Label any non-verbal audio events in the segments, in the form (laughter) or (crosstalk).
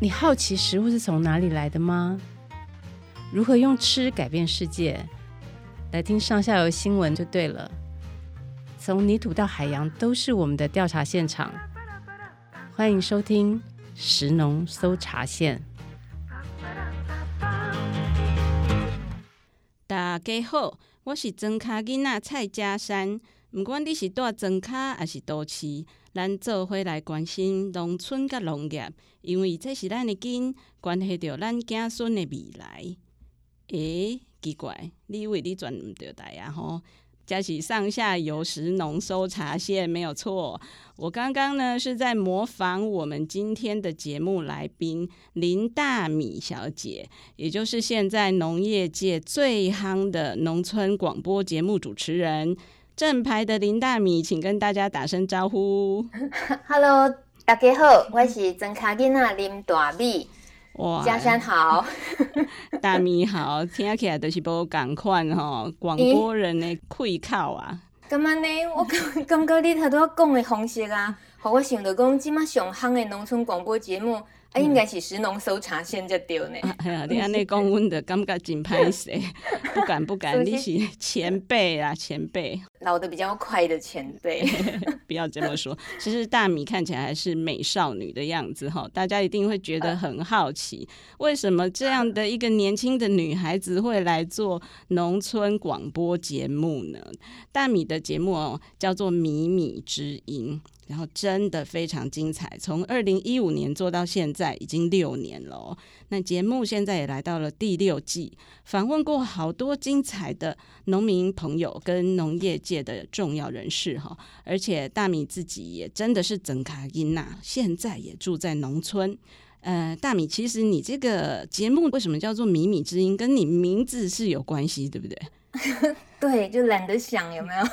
你好奇食物是從哪裡來的嗎？如何用吃改變世界？來聽上下游新聞就對了。從泥土到海洋，都是我們的調查現場。歡迎收聽食農搜查線。大家好，我是曾卡囡仔蔡佳珊。不管你是多曾卡還是都市。咱做伙來關心農村甲農業，因為這是咱的根，關係到咱子孫的未來。哎、欸，奇怪，你以為你轉到大然後，這是上下游食農搜查線沒有錯。我剛剛呢是在模仿我們今天的節目來賓林大米小姐，也就是現在農業界最夯的農村廣播節目主持人。正牌的林大米，請跟大家打聲招呼。Hello，大家好，我是莊跤囡仔林大米。哇，家鄉好， (laughs) 大米好，聽起來都是不趕款哦。廣播人的開口啊。干、欸、嘛 (laughs) 呢？我感覺你頭拄講的方式啊，和我想着講，即馬上行的農村廣播節目啊、欸，應該是食農搜查線就對呢。你阿內講，我的感覺真歹勢，不敢不敢， (laughs) 是不是你是前輩啊，前輩。老的比較快的前輩，對。 (laughs) (laughs) 不要這麼說。其實大米看起來還是美少女的樣子哈，大家一定會覺得很好奇，為什麼這樣的一個年輕的女孩子會來做農村廣播節目呢？大米的節目哦、喔、叫做《米米之音》，然後真的非常精彩，從二零一五年做到現在已經六年了、喔。那節目現在也來到了第六季，訪問過好多精彩的農民朋友跟農業界的重要人士哈，而且大米自己也真的是真卡因娜，現在也住在農村。呃，大米，其實你這個節目為什麼叫做《米米之音》，跟你名字是有關係，對不對？ (laughs) 對，就懶得想有沒有，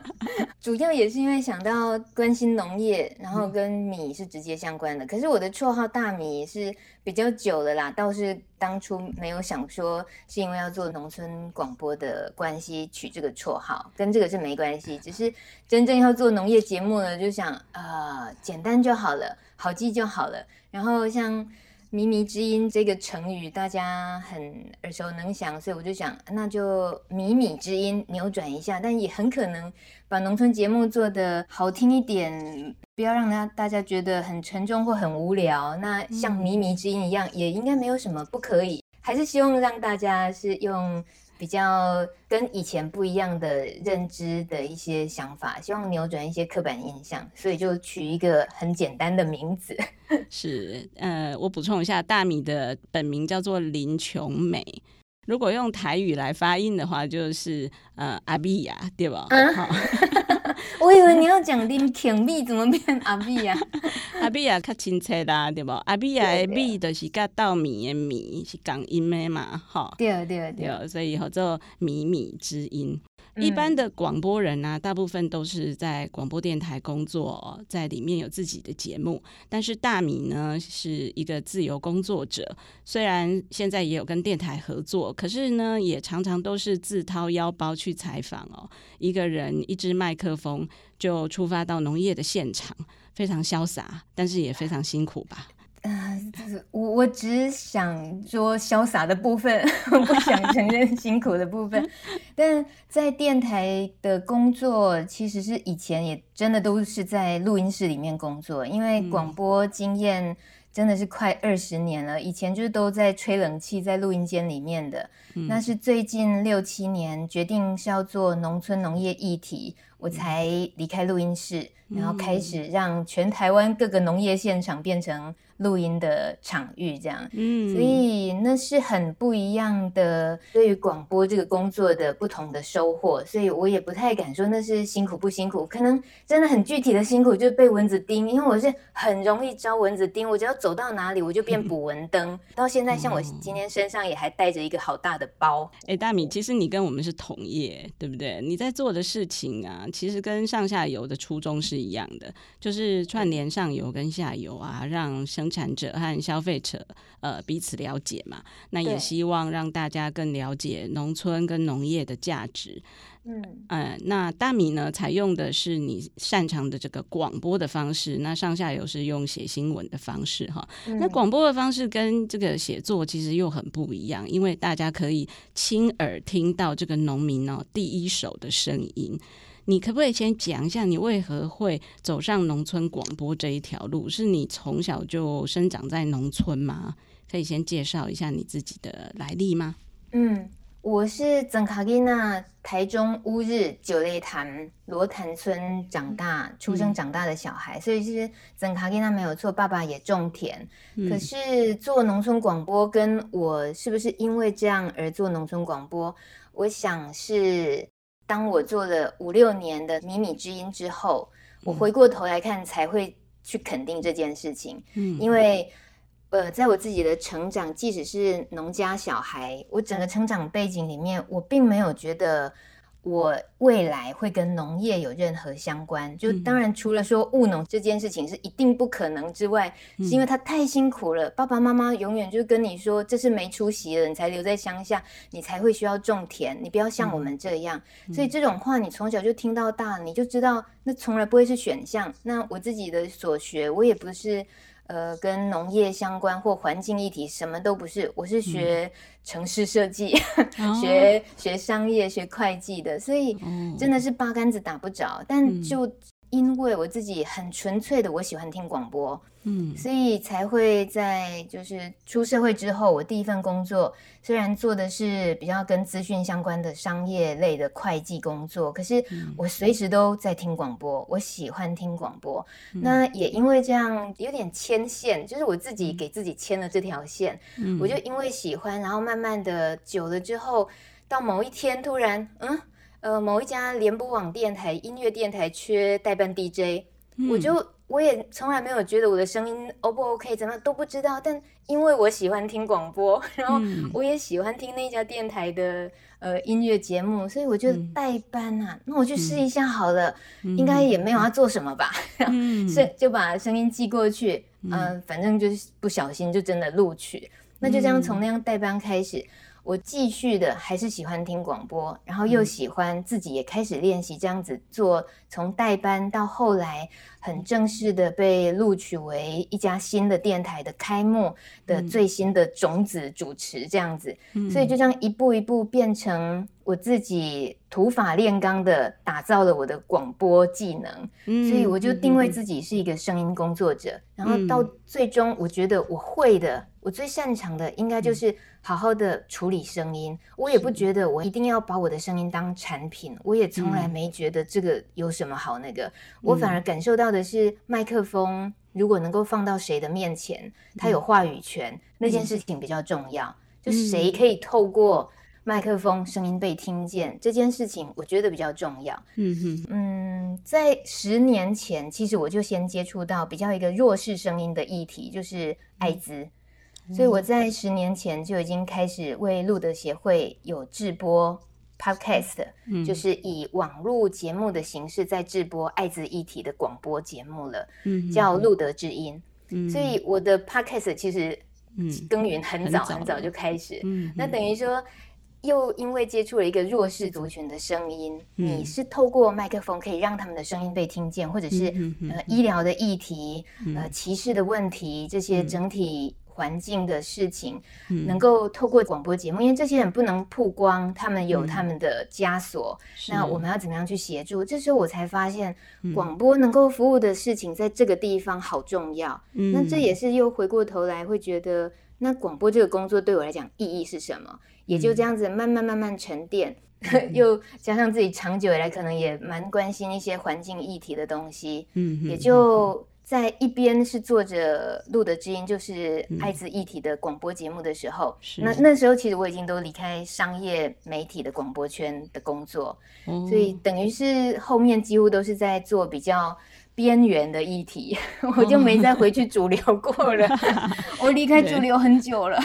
(laughs) 主要也是因為想到關心農業，然後跟米是直接相關的。嗯、可是我的綽號大米也是比較久了啦，倒是當初沒有想說是因為要做農村廣播的關係取這個綽號，跟這個是沒關係。只是真正要做農業節目了，就想啊、呃，簡單就好了，好記就好了。然後像。靡靡之音，這個成語大家很耳熟能詳，所以我就想，那就靡靡之音扭轉一下，但也很可能把農村節目做得好聽一點，不要讓大家覺得很沉重或很無聊。那像靡靡之音一樣，也應該沒有什麼不可以。還是希望讓大家是用。比較跟以前不一樣的認知的一些想法，希望扭轉一些刻板印象，所以就取一個很簡單的名字。是，呃，我補充一下，大米的本名叫做林瓊美，如果用台語來發音的話，就是，呃，阿比亞，對吧？嗯。好。 (laughs) (laughs) 我以為你要講“林大米怎麼變“阿米啊？“ (laughs) 阿米也較親切啦，對不？“阿米”的“米就是甲稻米的“米”，是共音咩嘛？吼，對對對，對，所以叫做“米米之音”。一般的廣播人呢、啊，大部分都是在廣播電台工作，在裡面有自己的節目。但是大米呢，是一個自由工作者，雖然現在也有跟電台合作，可是呢，也常常都是自掏腰包去採訪哦。一個人一支麥克風就出發到農業的現場，非常瀟灑，但是也非常辛苦吧。啊、呃，就是我，我只想說瀟灑的部分，我 (laughs) 不想承認辛苦的部分。 (laughs) 但在電台的工作，其實是以前也真的都是在錄音室裡面工作，因為廣播經驗真的是快二十年了、嗯，以前就是都在吹冷氣在錄音間裡面的、嗯。那是最近六七年決定是要做農村農業議題，我才離開錄音室、嗯，然後開始讓全台灣各個農業現場變成。錄音的場域這樣，嗯，所以那是很不一樣的，對於廣播這個工作的不同的收穫，所以我也不太敢說那是辛苦不辛苦，可能真的很具體的辛苦就是被蚊子叮，因為我是很容易招蚊子叮，我只要走到哪裡我就變捕蚊燈，嗯，到現在像我今天身上也還帶着一個好大的包。哎，嗯欸，大米，其實你跟我們是同業，對不對？你在做的事情啊，其實跟上下游的初衷是一樣的，就是串聯上游跟下游啊，讓聲。生產者和消費者，呃，彼此了解嘛。那也希望讓大家更了解農村跟農業的價值。嗯、呃、那大米呢，採用的是你擅長的這個廣播的方式。那上下游是用寫新聞的方式哈、嗯。那廣播的方式跟這個寫作其實又很不一樣，因為大家可以親耳聽到這個農民呢、哦、第一手的聲音。你可不可以先講一下，你為何會走上農村廣播這一條路？是你從小就生長在農村嗎？可以先介紹一下你自己的來歷嗎？嗯，我是莊跤囡仔，台中烏日九類潭羅潭村長大、出生長大的小孩，嗯、所以是莊跤囡仔沒有錯。爸爸也種田，嗯、可是做農村廣播，跟我是不是因為這樣而做農村廣播？我想是。當我做了五六年的米米之音之後、嗯，我回過頭來看才會去肯定這件事情。嗯，因為呃，在我自己的成長，即使是農家小孩，我整個成長背景裡面，我並沒有覺得。我未來會跟農業有任何相關。就當然除了說務農這件事情是一定不可能之外，嗯、是因為他太辛苦了。爸爸媽媽永遠就跟你說，這是沒出息的人才留在鄉下，你才會需要種田，你不要像我們這樣、嗯。所以這種話你從小就聽到大，你就知道那從來不會是選項。那我自己的所學，我也不是。呃，跟農業相關或環境議題，什麼都不是，我是學城市設計，嗯、 (laughs) 學、oh. 學商業、學會計的，所以真的是八竿子打不着。Oh. 但就、嗯。因為我自己很純粹的，我喜歡聽廣播，嗯，所以才會在就是出社會之後，我第一份工作雖然做的是比較跟資訊相關的商業類的會計工作，可是我隨時都在聽廣播，嗯，我喜歡聽廣播。嗯。那也因為這樣有點牽線，就是我自己給自己牽了這條線，嗯，我就因為喜歡，然後慢慢的久了之後，到某一天突然，嗯。呃，某一家聯播網電台音樂電台缺代班 DJ，、嗯、我就我也從來沒有覺得我的聲音 O 不歐 OK，怎麼都不知道。但因為我喜歡聽廣播，然後我也喜歡聽那家電台的呃音樂節目，所以我就代班吶、啊嗯。那我去試一下好了，嗯、應該也沒有要做什麼吧，嗯、 (laughs) 所以就把聲音寄過去。嗯、呃，反正就是不小心就真的錄取、嗯。那就這樣從那樣代班開始。我繼續的還是喜歡聽廣播，然後又喜歡自己也開始練習這樣子做、嗯，從代班到後來很正式的被錄取為一家新的電台的開幕的最新的種子主持這樣子，嗯、所以就這樣一步一步變成我自己土法煉鋼的打造了我的廣播技能，嗯、所以我就定位自己是一個聲音工作者、嗯，然後到最終我覺得我會的，我最擅長的應該就是。好好的處理聲音，我也不覺得我一定要把我的聲音當產品，我也從來沒覺得這個有什麼好那個、嗯，我反而感受到的是麥克風如果能夠放到誰的面前，嗯、它有話語權、嗯，那件事情比較重要、嗯。就誰可以透過麥克風聲音被聽見、嗯、這件事情，我覺得比較重要。嗯嗯，在十年前，其實我就先接觸到比較一個弱勢聲音的議題，就是艾滋。嗯所以我在十年前就已經開始為路德協會有制播 podcast、嗯、就是以網路節目的形式在制播艾滋議題的廣播節目了，嗯、叫路德之音、嗯。所以我的 podcast 其實耕耘很早、嗯、很早很早就開始、嗯，那等於說又因為接觸了一個弱勢族群的聲音、嗯，你是透過麥克風可以讓他們的聲音被聽見，或者是、嗯、呃醫療的議題、嗯、呃歧視的問題，這些整體。環境的事情，嗯、能夠透過廣播節目，因為這些人不能曝光，他們有他們的枷鎖、嗯。那我們要怎麼樣去協助？這時候我才發現，嗯、廣播能夠服務的事情，在這個地方好重要、嗯。那這也是又回過頭來會覺得，那廣播這個工作對我來講意義是什麼、嗯？也就這樣子慢慢慢慢沉澱、嗯，又加上自己長久以來可能也蠻關心一些環境議題的東西，嗯，也就。嗯嗯嗯嗯在一邊是做着《路德之音》，就是艾滋議題的廣播節目的時候，嗯、那那時候其實我已經都離開商業媒體的廣播圈的工作，嗯、所以等於是後面幾乎都是在做比較邊緣的議題，嗯、 (laughs) 我就沒再回去主流過了。嗯、 (laughs) (laughs) 我離開主流很久了。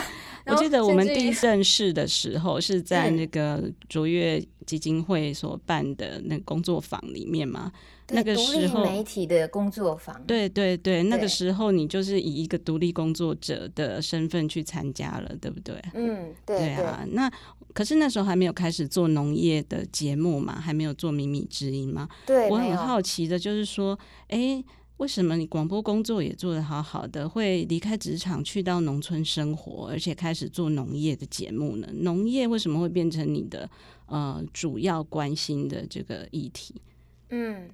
Oh, 我記得我們第一正式的時候是在那個卓越基金會所辦的那個工作坊裡面嘛，那個時候媒體的工作坊，對對對、對，那個時候你就是以一個獨立工作者的身份去參加了，對不對？嗯，對、對啊。那可是那時候還沒有開始做農業的節目嘛，還沒有做米米之音嘛。對，我很好奇的就是說，哎、欸。為什麼你廣播工作也做得好好的，會離開職場去到農村生活，而且開始做農業的節目呢？農業為什麼會變成你的呃主要關心的這個議題？嗯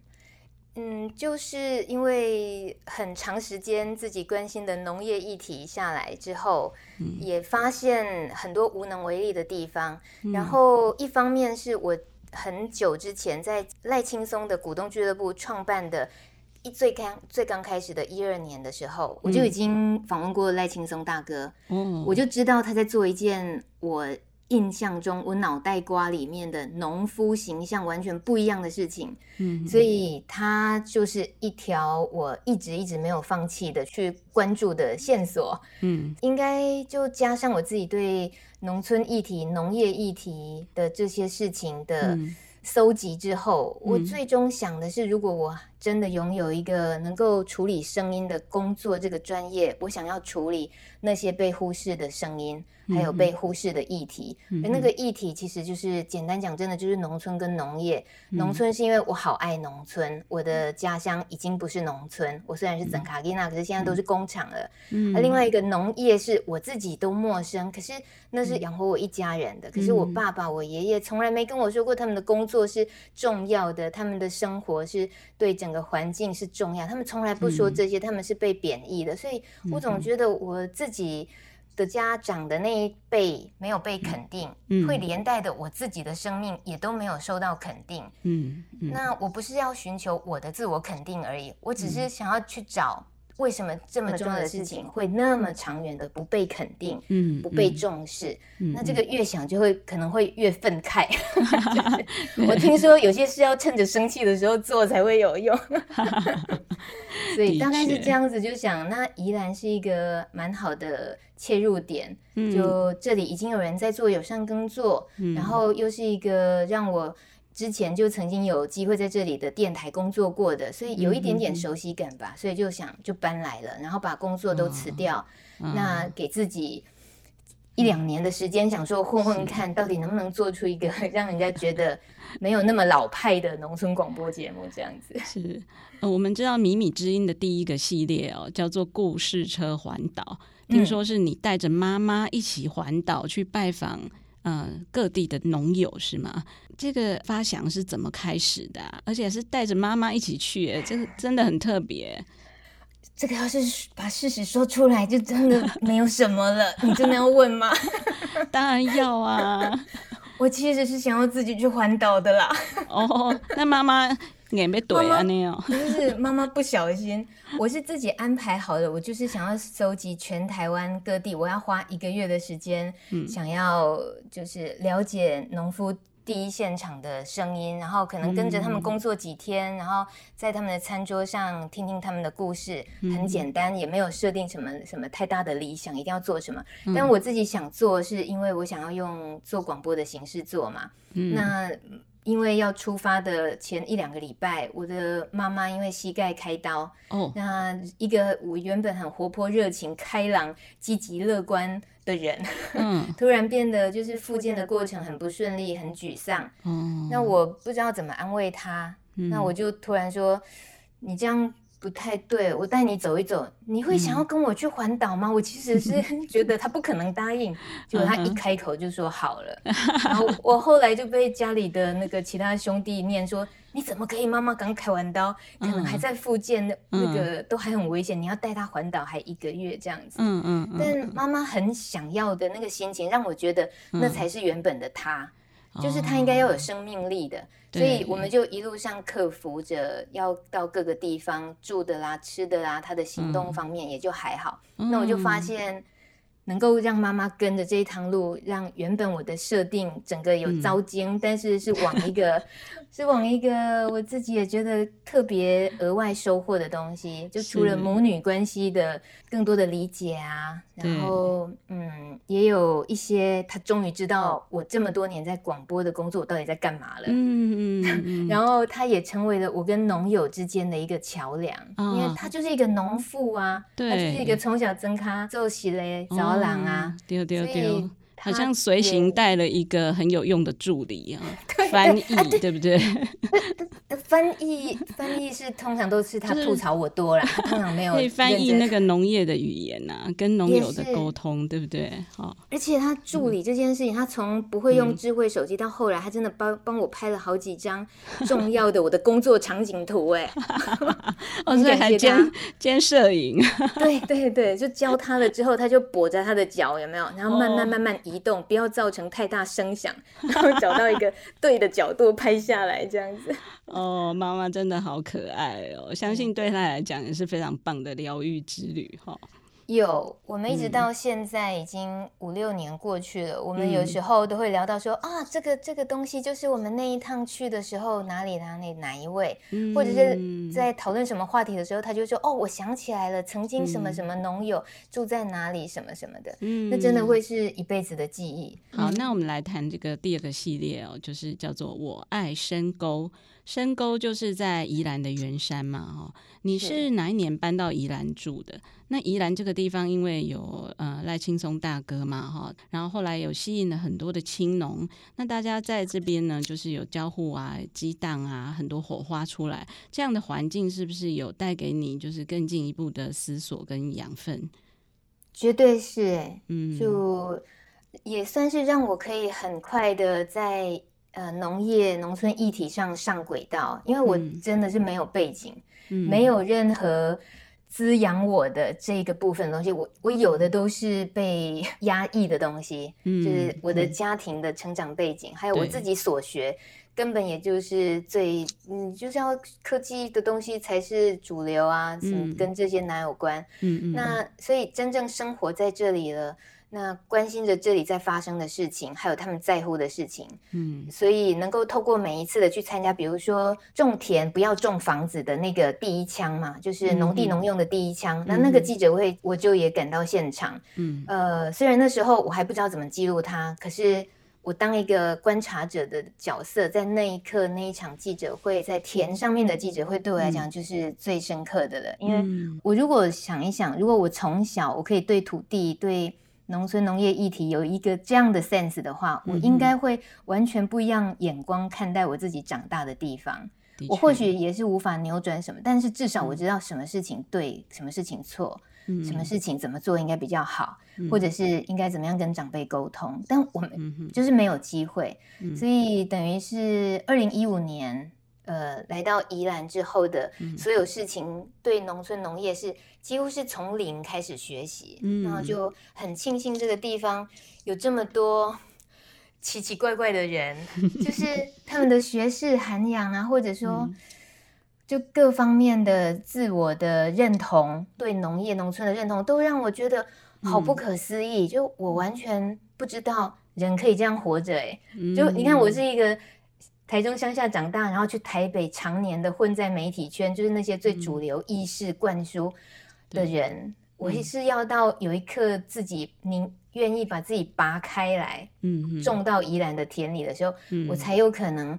嗯，就是因為很長時間自己關心的農業議題下來之後，嗯、也發現很多無能為力的地方、嗯。然後一方面是我很久之前在賴青松的穀東俱樂部創辦的。一最剛最剛開始的一二年的時候，我就已經訪問過賴青松大哥，嗯，我就知道他在做一件我印象中我腦袋瓜裡面的農夫形象完全不一樣的事情，嗯，所以他就是一條我一直一直沒有放棄的去關注的線索，嗯，應該就加上我自己對農村議題、農業議題的這些事情的搜集之後，嗯，我最終想的是，如果我真的擁有一個能夠處理聲音的工作這個專業，我想要處理那些被忽視的聲音，還有被忽視的議題。嗯嗯，那個議題其實就是簡單講，真的就是農村跟農業。農村是因為我好愛農村，嗯、我的家鄉已經不是農村。我雖然是整卡蒂娜，可是現在都是工廠了。嗯嗯，另外一個農業是我自己都陌生，可是那是養活我一家人的、嗯。可是我爸爸、我爺爺從來沒跟我說過他們的工作是重要的，他們的生活是對整。個環境是重要，他們從來不說這些，嗯、他們是被貶抑的，所以我總覺得我自己的家長的那一輩沒有被肯定，嗯、會連帶的我自己的生命也都沒有受到肯定，嗯。那我不是要尋求我的自我肯定而已，我只是想要去找。為什麼這麼重要的事情會那麼長遠的不被肯定，嗯，不被重視？嗯嗯、那這個越想就會可能會越憤慨。嗯、 (laughs) 我聽說有些事要趁着生氣的時候做才會有用， (laughs) 所以大概是這樣子。就想那宜蘭是一個蠻好的切入點、嗯，就這裡已經有人在做友善工作，嗯、然後又是一個讓我。之前就曾經有機會在這裡的電台工作過的，所以有一點點熟悉感吧，嗯、所以就想就搬來了，然後把工作都辭掉，嗯，那給自己一兩年的時間，嗯，想說混混看到底能不能做出一個讓人家覺得沒有那麼老派的農村廣播節目這樣子。是，呃、我們知道米米之音的第一個系列哦，叫做《故事車環島》，嗯，聽說是你帶着媽媽一起環島去拜訪。嗯、呃，各地的農友是嗎？這個發想是怎麼開始的、啊？而且是帶着媽媽一起去，這個真的很特別。這個要是把事實說出來，就真的沒有什麼了。 (laughs) 你真的要問嗎？ (laughs) 當然要啊！我其實是想要自己去環島的啦。 (laughs) 哦，那媽媽眼被懟啊那樣、哦？不是，媽媽不小心。我是自己安排好的，我就是想要收集全台灣各地。我要花一個月的時間，想要就是了解農夫。第一現場的聲音，然後可能跟着他們工作幾天，然後在他們的餐桌上聽聽他們的故事，很簡單，也沒有設定什麼什麼太大的理想，一定要做什麼。但我自己想做是因為我想要用做廣播的形式做嘛。那。因為要出發的前一兩個禮拜，我的媽媽因為膝蓋開刀，oh. 那一個我原本很活潑、熱情、開朗、積極、樂觀的人，mm. 突然變得就是復健的過程很不順利，很沮喪。Oh. 那我不知道怎麼安慰她，mm. 那我就突然說：“你這樣。”不太對，我帶你走一走，你會想要跟我去環島嗎？嗯。我其實是覺得他不可能答應， (laughs) 結果他一開口就說好了。嗯嗯。然後我後來就被家裡的那個其他兄弟念說， (laughs) 你怎麼可以？媽媽剛開完刀，可能還在復健，那那個都還很危險，嗯，你要帶他環島還一個月這樣子。嗯嗯嗯。但媽媽很想要的那個心情，讓我覺得那才是原本的他。嗯，就是他應該要有生命力的。嗯嗯。所以我們就一路上克服着要到各個地方住的啦、吃的啦，他的行動方面也就還好。嗯、那我就發現，能夠讓媽媽跟着這一趟路，讓原本我的設定整個有走鐘，嗯，但是是往一個。 (laughs) 是往一個我自己也覺得特別額外收穫的東西，就除了母女關係的更多的理解啊，然後嗯，也有一些他終於知道我這麼多年在廣播的工作，我到底在幹嘛了。嗯嗯，嗯 (laughs) 然後他也成為了我跟農友之間的一個橋樑，哦、因為他就是一個農婦啊，他就是一個從小增咖做穡人啊。哦、對了對了對了。好像隨行帶了一個很有用的助理啊，翻譯對不對，對？翻譯 (laughs) 翻譯是通常都是他吐槽我多啦，就是、他通常沒有。可 (laughs) 以翻譯那個農業的語言啊，跟農友的溝通對不對？好，而且他助理這件事情，嗯、他從不會用智慧手機、嗯、到後來，他真的幫幫我拍了好幾張重要的我的工作場景圖哎， (laughs) (laughs) 哦，所以還兼兼攝影， (laughs) 對對對，就教他了之後，他就跛著他的腳有沒有？然後慢慢慢慢、哦。移動，不要造成太大聲響，然後找到一個對的角度拍下來，這樣子。 (laughs) 哦，媽媽真的好可愛哦，我相信對她來講也是非常棒的療癒之旅，哈。有，我們一直到現在已經五六年過去了。嗯、我們有時候都會聊到說、嗯、啊，這個這個東西就是我們那一趟去的時候哪裡哪裡哪一位、嗯，或者是在討論什麼話題的時候，他就說哦，我想起來了，曾經什麼什麼農友、嗯、住在哪裡，什麼什麼的。嗯，那真的會是一輩子的記憶。好，那我們來談這個第二個系列哦，就是叫做我愛深溝，深溝就是在宜蘭的圓山嘛、哦。哈，你是哪一年搬到宜蘭住的？那宜蘭這個地方，因為有呃賴青松大哥嘛哈，然後後來有吸引了很多的青農，那大家在這邊呢，就是有交互啊、激盪啊，很多火花出來，這樣的環境是不是有帶給你就是更進一步的思索跟養分？絕對是，嗯，就也算是讓我可以很快的在呃農業農村議題上上軌道，因為我真的是沒有背景，嗯，沒有任何。滋養我的這個部分東西，我我有的都是被壓抑的東西，嗯，就是我的家庭的成長背景，嗯，還有我自己所學，根本也就是最，你就是要科技的東西才是主流啊，嗯，跟這些男有關，嗯，那，嗯，所以真正生活在這裡了。那關心着這裡在發生的事情，還有他們在乎的事情，嗯，所以能夠透過每一次的去參加，比如說種田不要種房子的那個第一槍嘛，就是農地農用的第一槍，嗯嗯。那那個記者會，我就也趕到現場，嗯，嗯，呃，雖然那時候我還不知道怎麼記錄它，可是我當一個觀察者的角色，在那一刻那一場記者會在田上面的記者會，對我來講就是最深刻的了，嗯。因為我如果想一想，如果我從小我可以對土地對。農村農業議題有一個這樣的 sense 的話，嗯，我應該會完全不一樣眼光看待我自己長大的地方。的確，我或許也是無法扭轉什麼，但是至少我知道什麼事情對，什麼事情錯，什麼事情怎麼做應該比較好，嗯，或者是應該怎麼樣跟長輩溝通。嗯，但我們就是沒有機會，嗯嗯、所以等於是二零一五年。呃，來到宜蘭之後的所有事情，對農村農業是幾乎是從零開始學習、嗯，然後就很慶幸這個地方有這麼多奇奇怪怪的人， (laughs) 就是他們的學識涵養啊， (laughs) 或者說就各方面的自我的認同，嗯、對農業農村的認同，都讓我覺得好不可思議。嗯、就我完全不知道人可以這樣活着、欸，哎、嗯，就你看我是一個。台中鄉下長大，然後去台北，常年的混在媒體圈，就是那些最主流意識灌輸的人。嗯、我也是要到有一刻自己寧願、嗯、意把自己拔開來，嗯，嗯種到宜蘭的田裡的時候、嗯，我才有可能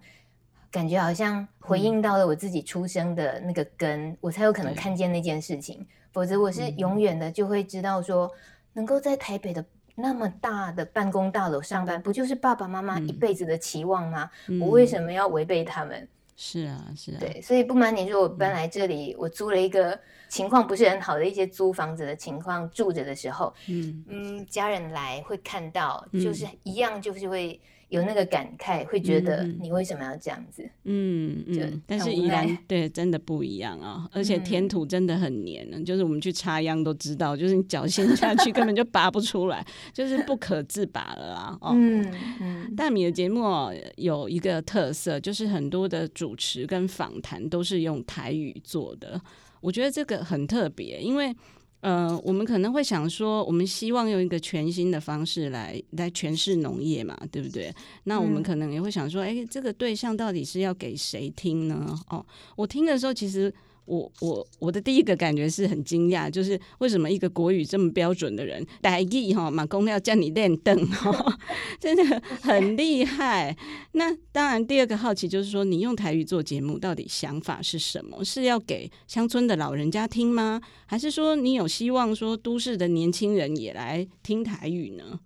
感覺好像回應到了我自己出生的那個根，嗯、我才有可能看見那件事情。否則我是永遠的就會知道說，能夠在台北的。那麼大的辦公大樓上班，不就是爸爸媽媽一輩子的期望嗎？嗯嗯、我為什麼要違背他們？是啊，是啊。對，所以不瞞你說，我搬來這裡，嗯，我租了一個情況不是很好的一些租房子的情況住着的時候，嗯，嗯家人嗯，嗯，家人來會看到，就是一樣，就是會、嗯。會有那個感慨，會覺得你為什麼要這樣子？嗯嗯、嗯，但是依然對，真的不一樣啊！哦！而且田土真的很黏，嗯，就是我們去插秧都知道，就是你腳陷下去根本就拔不出來， (laughs) 就是不可自拔了啊！哦、嗯嗯，大米的節目，哦、有一個特色，就是很多的主持跟訪談都是用台語做的，我覺得這個很特別，因為。呃，我們可能會想說，我們希望用一個全新的方式來來詮釋農業嘛，對不對？那我們可能也會想說，哎、嗯，這個對象到底是要給誰聽呢？哦，我聽的時候其實。我我我的第一個感覺是很驚訝，就是為什麼一個國語這麼標準的人，台語齁馬公要叫你練凳齁， (laughs) 真的很厲害。 (laughs) 那當然，第二個好奇就是說，你用台語做節目，到底想法是什麼？是要給鄉村的老人家聽嗎？還是說你有希望說都市的年輕人也來聽台語呢？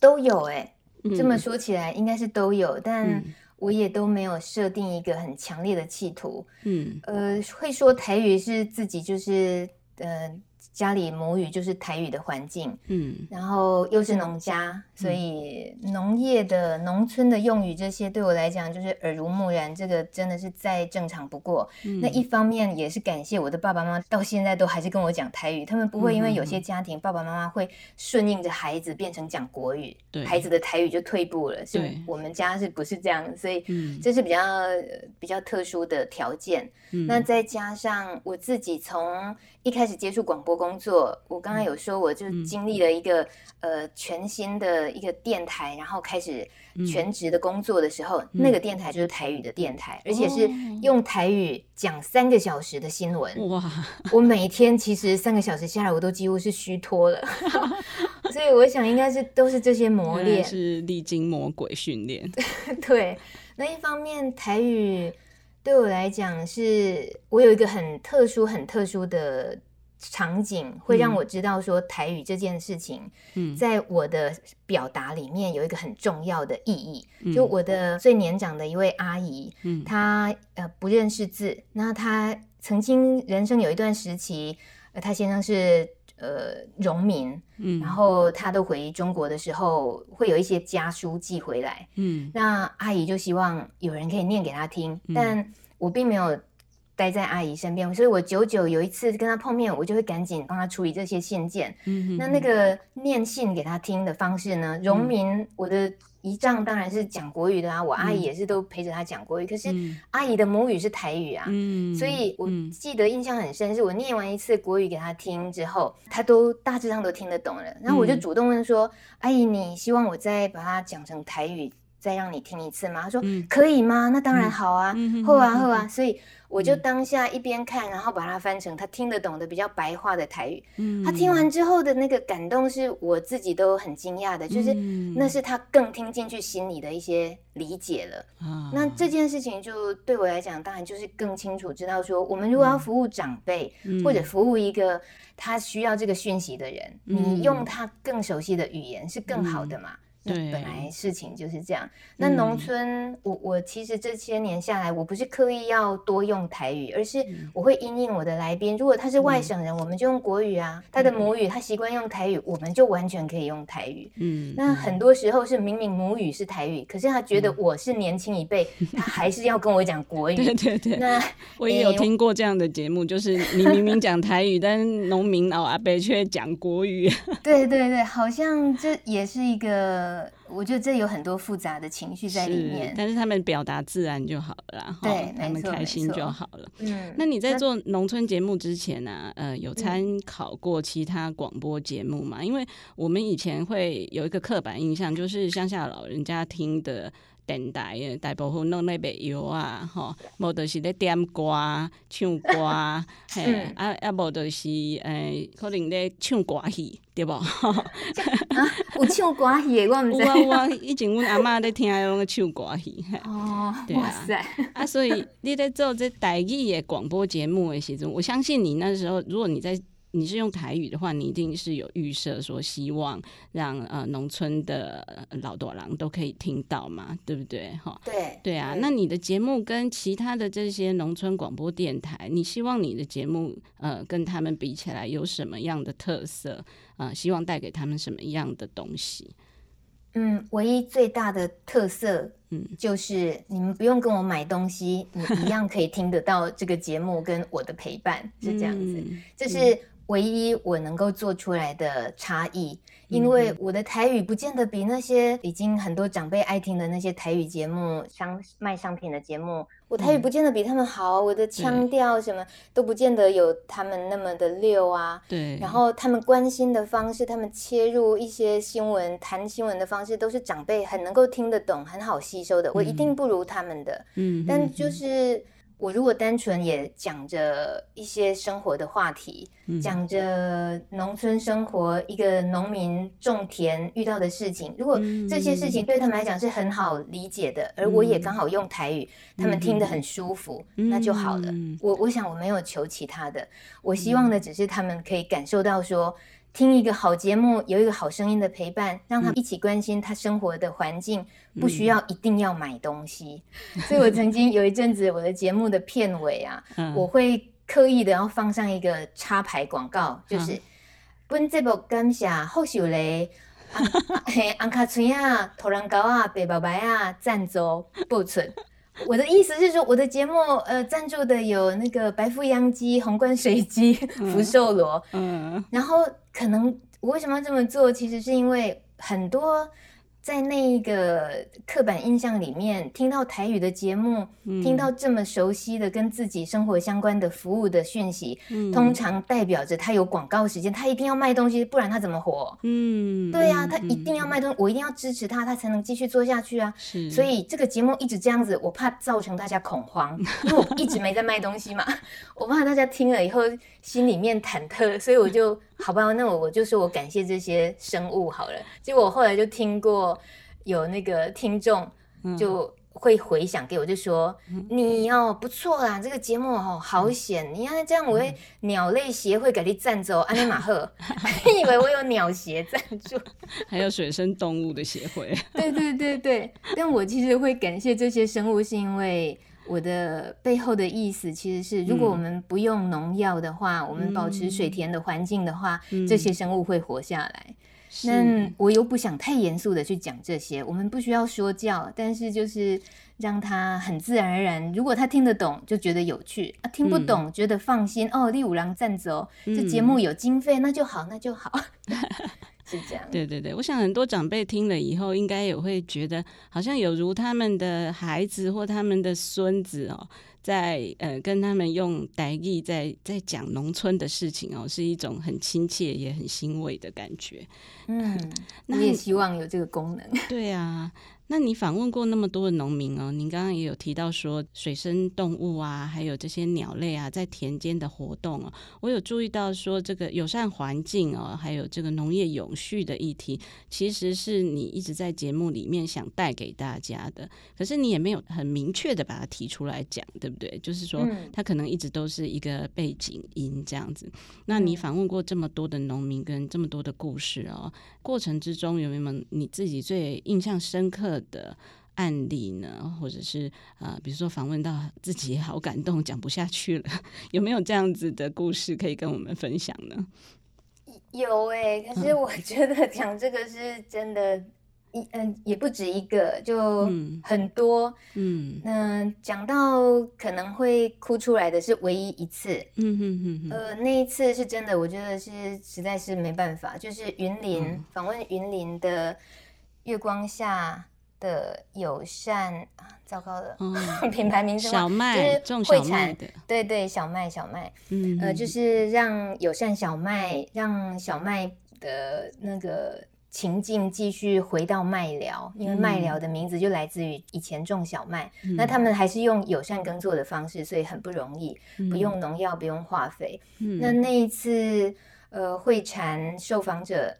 都有哎、欸嗯，這麼說起來應該是都有，但。嗯我也都沒有設定一個很強烈的企圖，嗯，呃，會說台語是自己就是，嗯、呃。家裡母語就是台語的環境，嗯，然後又是農家、嗯，所以農業的、嗯、農村的用語這些，對我來講就是耳濡目染，這個真的是再正常不過。嗯、那一方面也是感謝我的爸爸媽媽，到現在都還是跟我講台語，他們不會因為有些家庭爸爸媽媽會順應着孩子變成講國語、嗯，孩子的台語就退步了。對、所以我們家是不是這樣？所以，這是比較、嗯、比較特殊的條件、嗯。那再加上我自己從。一開始接觸廣播工作，我剛剛有說，我就經歷了一個、嗯、呃全新的一個電台，嗯、然後開始全職的工作的時候、嗯，那個電台就是台語的電台，嗯、而且是用台語講三個小時的新聞。哇！我每天其實三個小時下來，我都幾乎是虛脫了。 (laughs) 所以我想應，應該是都是這些磨練，是歷經魔鬼訓練。 (laughs) 對，那一方面台語。對我來講，是我有一個很特殊很特殊的場景，會讓我知道說台語這件事情，在我的表達裡面有一個很重要的意義。就我的最年長的一位阿姨，她呃不認識字，那她曾經人生有一段時期，她先生是。呃，榮民，嗯，然後他都回中國的時候，會有一些家書寄回來，嗯，那阿姨就希望有人可以念給她聽，嗯，但我並沒有。待在阿姨身邊，所以我久久有一次跟她碰面，我就會趕緊幫她處理這些信件。嗯。那那個念信給她聽的方式呢？榮民，我的姨丈當然是講國語的啊，嗯。我阿姨也是都陪着她講國語，可是阿姨的母語是台語啊，嗯。所以我記得印象很深，是我念完一次國語給她聽之後，她都大致上都聽得懂了。嗯，然後我就主動問說：“阿姨，你希望我再把它講成台語，再讓你聽一次嗎？”她說：“嗯，可以嗎？”那當然好啊，後、嗯、啊後啊。所以。我就當下一邊看，然後把它翻成他聽得懂的比較白話的台語。他、嗯、聽完之後的那個感動，是我自己都很驚訝的，就是那是他更聽進去心裡的一些理解了。嗯、那這件事情就對我來講，當然就是更清楚知道說，我們如果要服務長輩、嗯、或者服務一個他需要這個訊息的人，你用他更熟悉的語言是更好的嘛。對，本來事情就是這樣。那農村，嗯、我我其實這些年下來，我不是刻意要多用台語，而是我會因應我的來賓。如果他是外省人，我們就用國語啊；嗯、他的母語，他習慣用台語，我們就完全可以用台語。嗯。那很多時候是明明母語是台語，嗯、可是他覺得我是年輕一輩、嗯，他還是要跟我講國語。對對對。那我也有聽過這樣的節目， (laughs) 就是你明明講台語，但是農民老、 (laughs) 哦、阿伯卻講國語。對對對，好像這也是一個。我覺得這有很多複雜的情緒在裡面，但是他們表達自然就好了，對，他們開心就好了。嗯，那你在做農村節目之前呢、啊嗯？呃，有參考過其他廣播節目嗎、嗯？因為我們以前會有一個刻板印象，就是鄉下老人家聽的。電台誒，大部分攏咧賣藥啊，吼、喔，無著是咧點歌、唱歌， (laughs) 嘿，嗯、啊啊無著是，誒、欸，可能咧唱歌戲對無？啊、 (laughs) 有唱歌戲誒，我毋知、啊。我我、啊、 (laughs) 以前阮阿嬤咧聽用個唱歌戲，嘿、 (laughs) 啊。哦，哇塞！啊，所以你咧做即台語誒廣播節目誒，時陣，我相信你那時候，如果你在。你是用台語的話，你一定是有預設說，希望讓呃農村的老大人都可以聽到嘛，對不對？哈，對，對啊。那你的節目跟其他的這些農村廣播電台，你希望你的節目呃跟他們比起來有什麼樣的特色啊，呃？希望帶給他們什麼樣的東西？嗯，唯一最大的特色，嗯，就是你們不用跟我買東西，嗯、你一樣可以聽得到這個節目跟我的陪伴，是 (laughs) 這樣子，嗯、就是。唯一我能夠做出來的差異，因為我的台語不見得比那些已經很多長輩愛聽的那些台語節目商賣商品的節目，我台語不見得比他們好，嗯、我的腔調什麼都不見得有他們那麼的溜啊。對。然後他們關心的方式，他們切入一些新聞談新聞的方式，都是長輩很能夠聽得懂、很好吸收的，我一定不如他們的。嗯。但就是。我如果單純也講着一些生活的話題，講着農村生活，一個農民種田遇到的事情，如果這些事情對他們來講是很好理解的，而我也剛好用台語，他們聽得很舒服，嗯，那就好了。我我想我沒有求其他的，我希望的只是他們可以感受到說。聽一個好節目，有一個好聲音的陪伴，讓他一起關心他生活的環境，嗯，不需要一定要買東西，嗯。所以我曾經有一陣子，我的節目的片尾啊， (laughs) 我會刻意的要放上一個插牌廣告，嗯，就是。嗯本節目感謝福壽螺 (laughs) 啊欸、安卡村啊土啊北白啊寶白贊助不存 (laughs) (laughs) 我的意思是說，我的節目呃贊助的有那個白腹秧雞、紅冠水雞、 (laughs) (laughs) 福壽螺、嗯，嗯，然後可能我為什麼要這麼做，其實是因為很多。在那一個刻板印象裡面，聽到台語的節目，嗯，聽到這麼熟悉的跟自己生活相關的服務的訊息，嗯，通常代表着他有廣告時間，他一定要賣東西，不然他怎麼活？嗯，對啊，他一定要賣東西，嗯嗯，我一定要支持他，他才能繼續做下去啊。所以這個節目一直這樣子，我怕造成大家恐慌，因 (laughs) 為 (laughs) 我一直沒在賣東西嘛，我怕大家聽了以後心裡面忐忑，所以我就。 (laughs) 好不好，那我我就說我感謝這些生物好了。結果我後來就聽過有那個聽眾就會回想給我，就說、嗯、你哦不錯啦，這個節目哦好險、嗯。你看這樣，我會鳥類協會給你贊助，安尼馬赫，你 (laughs) 以為我有鳥協贊助 (laughs) 還有水生動物的協會 (laughs) 。對，對對對對，但我其實會感謝這些生物，是因為。我的背後的意思其實是，如果我們不用農藥的話、嗯，我們保持水田的環境的話，嗯、這些生物會活下來。那、嗯、我又不想太嚴肅的去講這些，我們不需要說教，但是就是讓他很自然而然。如果他聽得懂，就覺得有趣啊；聽不懂，覺得放心、嗯、哦。福壽螺贊助哦、嗯，這節目有經費，那就好，那就好。 (laughs) 對對對，我想很多長輩聽了以後，應該也會覺得好像有如他們的孩子或他們的孫子哦，在呃跟他們用台語在在講農村的事情哦，是一種很親切也很欣慰的感覺。嗯，呃、那你也希望有這個功能。對啊。那你訪問過那麼多的農民哦，你剛剛也有提到說水生動物啊，還有這些鳥類啊，在田間的活動啊、哦，我有注意到說這個友善環境哦，還有這個農業永續的議題，其實是你一直在節目裡面想帶給大家的，可是你也沒有很明確的把它提出來講，對不對？就是說它可能一直都是一個背景音這樣子。那你訪問過這麼多的農民跟這麼多的故事哦，過程之中有沒有你自己最印象深刻的？的案例呢，或者是啊、呃，比如說訪問到自己好感動，講不下去了， (laughs) 有沒有這樣子的故事可以跟我們分享呢？有哎、欸，可是我覺得講這個是真的，也嗯，嗯也不止一個，就很多，嗯那、呃、講到可能會哭出來的是唯一一次，嗯嗯嗯、呃，那一次是真的，我覺得是實在是沒辦法，就是雲林、嗯、訪問雲林的月光下。的友善，啊、糟糕的，哦、 (laughs) 品牌名稱，嗯，小麥就是會種小麥，對對，小麥小麥，嗯呃，就是讓友善小麥讓小麥的那個情境繼續回到麥寮、嗯，因為麥寮的名字就來自於以前種小麥，嗯、那他們還是用友善耕作的方式，所以很不容易，嗯、不用農藥，不用化肥。嗯、那那一次，呃，會產受訪者。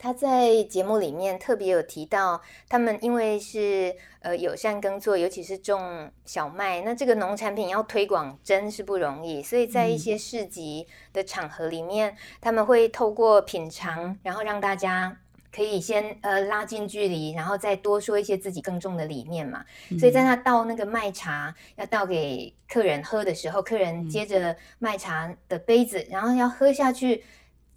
他在節目裡面特別有提到，他們因為是呃友善耕作，尤其是種小麥，那這個農產品要推廣真是不容易。所以在一些市集的場合裡面，嗯、他們會透過品嘗，然後讓大家可以先呃拉近距離，然後再多說一些自己耕種的理念嘛。所以在他倒那個麥茶要倒給客人喝的時候，客人接着麥茶的杯子，然後要喝下去。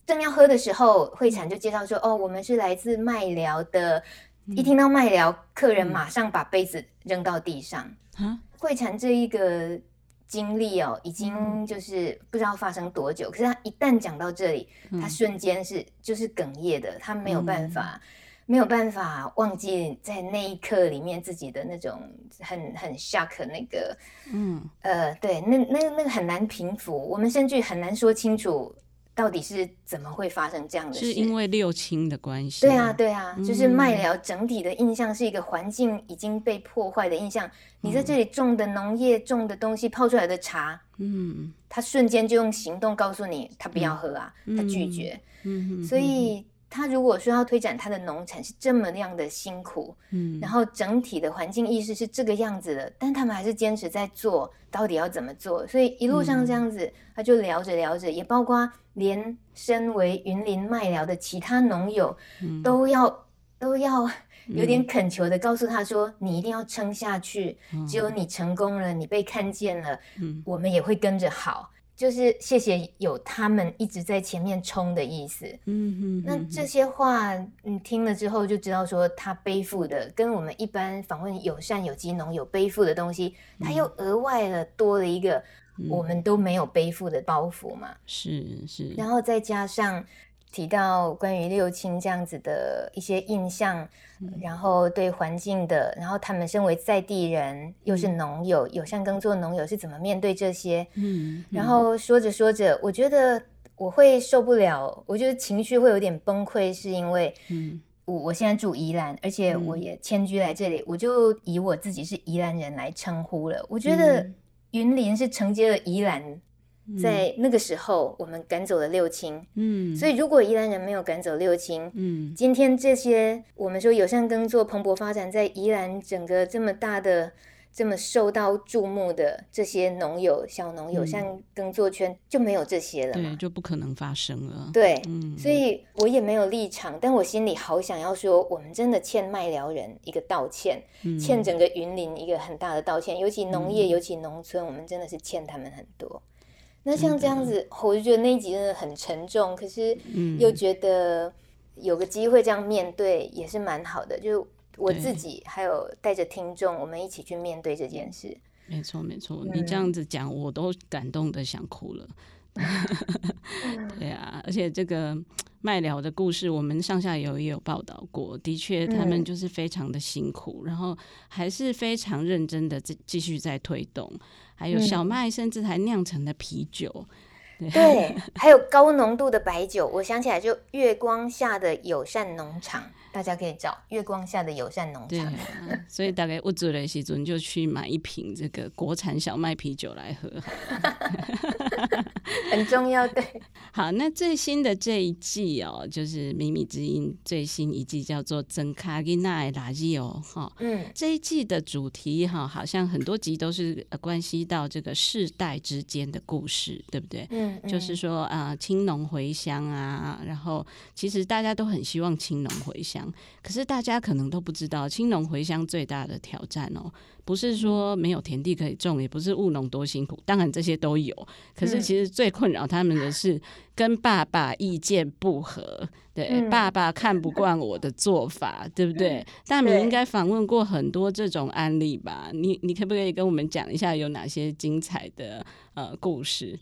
正要喝的時候，慧禪就介紹說：“哦，我們是來自麥寮的。嗯”一聽到麥寮，客人馬上把杯子扔到地上。啊、嗯！慧禪這一個經歷哦，已經就是不知道發生多久。可是他一旦講到這裡，他瞬間是、嗯、就是哽咽的，他沒有辦法、嗯，沒有辦法忘記在那一刻裡面自己的那種很很 shock 那個，嗯呃，對，那那那個很難平復。我們甚至很難說清楚。到底是怎麼會發生這樣的事？是因為六輕的關係、啊。對啊，對啊、嗯，就是麥寮整體的印象是一個環境已經被破壞的印象。你在這裡種的農業、嗯、種的東西泡出來的茶，嗯，他瞬間就用行動告訴你他不要喝啊，嗯、他拒絕。嗯，嗯，所以他如果說要推展他的農產是這麼樣的辛苦，嗯，然後整體的環境意識是這個樣子的，但他們還是堅持在做。到底要怎麼做？所以一路上這樣子，嗯、他就聊着聊着，也包括。連身為雲林麥寮的其他農友，都要、嗯、都要有點懇求的告訴他說、嗯：“你一定要撐下去、嗯，只有你成功了，你被看見了，嗯、我們也會跟着好。”就是謝謝有他們一直在前面衝的意思、嗯嗯嗯。那這些話你聽了之後，就知道說他背負的跟我們一般訪問友善有機農友背負的東西，他又額外的多了一個。嗯、我們都沒有背負的包袱嘛，是是，然後再加上提到關於六親這樣子的一些印象，嗯、然後對環境的，然後他們身為在地人又是農友、嗯，友善耕作農友是怎麼面對這些？嗯，嗯然後說着說着，我覺得我會受不了，我覺得情緒會有點崩潰，是因為我，我、嗯、我現在住宜蘭，而且我也遷居來這裡，嗯、我就以我自己是宜蘭人來稱呼了，我覺得。雲林是承接了宜蘭、嗯，在那個時候，我們趕走了六輕。嗯，所以如果宜蘭人沒有趕走六輕，嗯，今天這些我們說友善耕作蓬勃發展在宜蘭整個這麼大的。這麼受到注目的這些農友、小農友，嗯、像耕作圈就沒有這些了嘛？對，就不可能發生了。對，嗯、所以我也沒有立場，但我心裡好想要說，我們真的欠麥寮人一個道歉、嗯，欠整個雲林一個很大的道歉，尤其農業、嗯，尤其農村，我們真的是欠他們很多。那像這樣子、哦，我就覺得那一集真的很沉重，可是又覺得有個機會這樣面對也是蠻好的，就。我自己還有帶着聽眾，我們一起去面對這件事。沒錯，沒錯，你這樣子講、嗯，我都感動的想哭了。 (laughs) 嗯、對啊，而且這個麥寮的故事，我們上下游也有報道過，的確他們就是非常的辛苦，嗯、然後還是非常認真的繼繼續在推動，還有小麥甚至還釀成了啤酒。嗯、對， (laughs) 還有高濃度的白酒，我想起來就月光下的友善農場。大家可以找《月光下的友善農場》對、啊。 (laughs) 所以大概我做的時陣就去買一瓶這個國產小麥啤酒來喝， (laughs) 很重要對。好，那最新的這一季哦，就是《米米之音》最新一季叫做《曾卡給娜的 radio》哦，哈。嗯。這一季的主題哈、哦，好像很多集都是關係到這個世代之間的故事，對不對？嗯。嗯，就是說啊，青、呃、農回鄉啊，然後其實大家都很希望青農回鄉。可是大家可能都不知道，青農回鄉最大的挑戰哦，不是說沒有田地可以種，也不是務農多辛苦，當然這些都有。可是其實最困擾他們的是跟爸爸意見不合，嗯、對，爸爸看不慣我的做法，嗯、對不對？嗯、對。大米應該訪問過很多這種案例吧？你你可不可以跟我們講一下有哪些精彩的呃故事？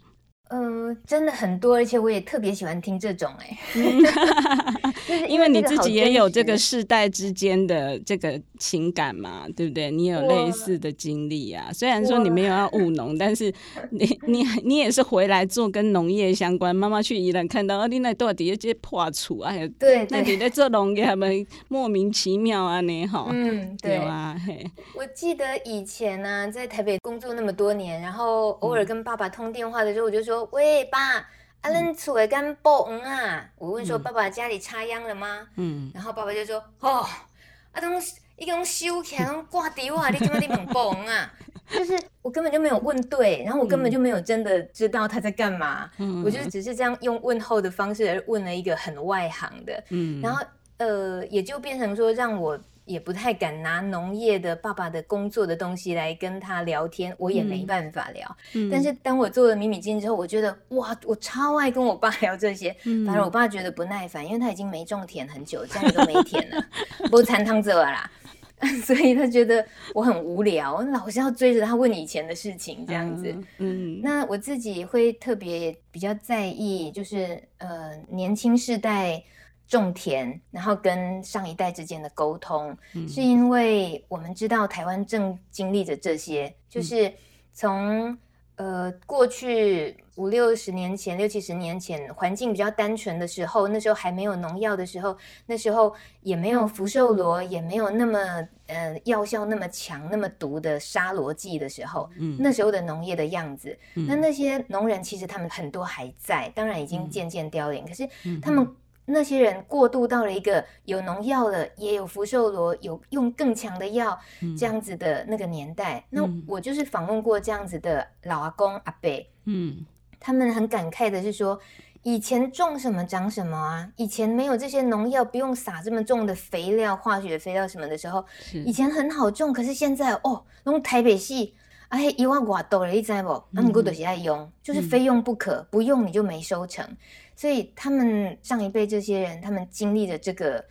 嗯、呃，真的很多，而且我也特別喜歡聽這種哎、欸， (laughs) 因，為 (laughs) 因為你自己也有這個世代之間的這個情感嘛，對不對？你有類似的經歷啊。雖然說你沒有要務農，但是你 (laughs) 你你也是回來做跟農業相關。媽媽去宜蘭看到，啊，你那到底這破處啊？對，那你在做農業，還 (laughs) 莫名其妙啊？你好，嗯，對，對啊對。我記得以前呢、啊，在台北工作那麼多年，然後偶爾跟爸爸通電話的時候，我就說。喂，爸，阿恁厝會干崩啊？我問說，爸爸家裡插秧了嗎？嗯，然後爸爸就說，哦，阿、啊、東，伊講修起來，掛電話， (laughs) 你幹嘛滴崩崩啊？就是我根本就沒有問對，然後我根本就沒有真的知道他在幹嘛、嗯，我就只是這樣用問候的方式而問了一個很外行的，嗯，然後呃，也就變成說讓我。也不太敢拿農業的爸爸的工作的東西來跟他聊天，我也沒辦法聊。嗯、但是當我做了米米之音之後，我覺得哇，我超愛跟我爸聊這些。嗯、反正我爸覺得不耐煩，因為他已經沒種田很久，家裡都沒田了，都是湯走了啦， (laughs) 所以他覺得我很無聊，老是要追着他問以前的事情這樣子。嗯，嗯，那我自己會特別比較在意，就是呃，年輕世代。種田，然後跟上一代之間的溝通，嗯，是因為我們知道台灣正經歷着這些，就是從、嗯、呃過去五六十年前，六七十年前，環境比較單純的時候，那時候還沒有農藥的時候，那時候也沒有福壽螺，也沒有那麼呃藥效那麼強、那麼毒的殺螺劑的時候、嗯，那時候的農業的樣子，嗯、那那些農人其實他們很多還在，當然已經漸漸凋零、嗯，可是他們，那些人過渡到了一個有農藥的，也有福壽螺，有用更強的藥這樣子的那個年代。嗯、那我就是訪問過這樣子的老阿公阿伯，嗯，他們很感慨的是說，以前種什麼長什麼啊，以前沒有這些農藥，不用撒這麼重的肥料、化學肥料什麼的時候，以前很好種。可是現在哦，弄台北係。哎、啊，一萬塊都得一災不，給我都得用、嗯，就是非用不可、嗯，不用你就沒收成。所以他們上一輩這些人，他們經歷的這個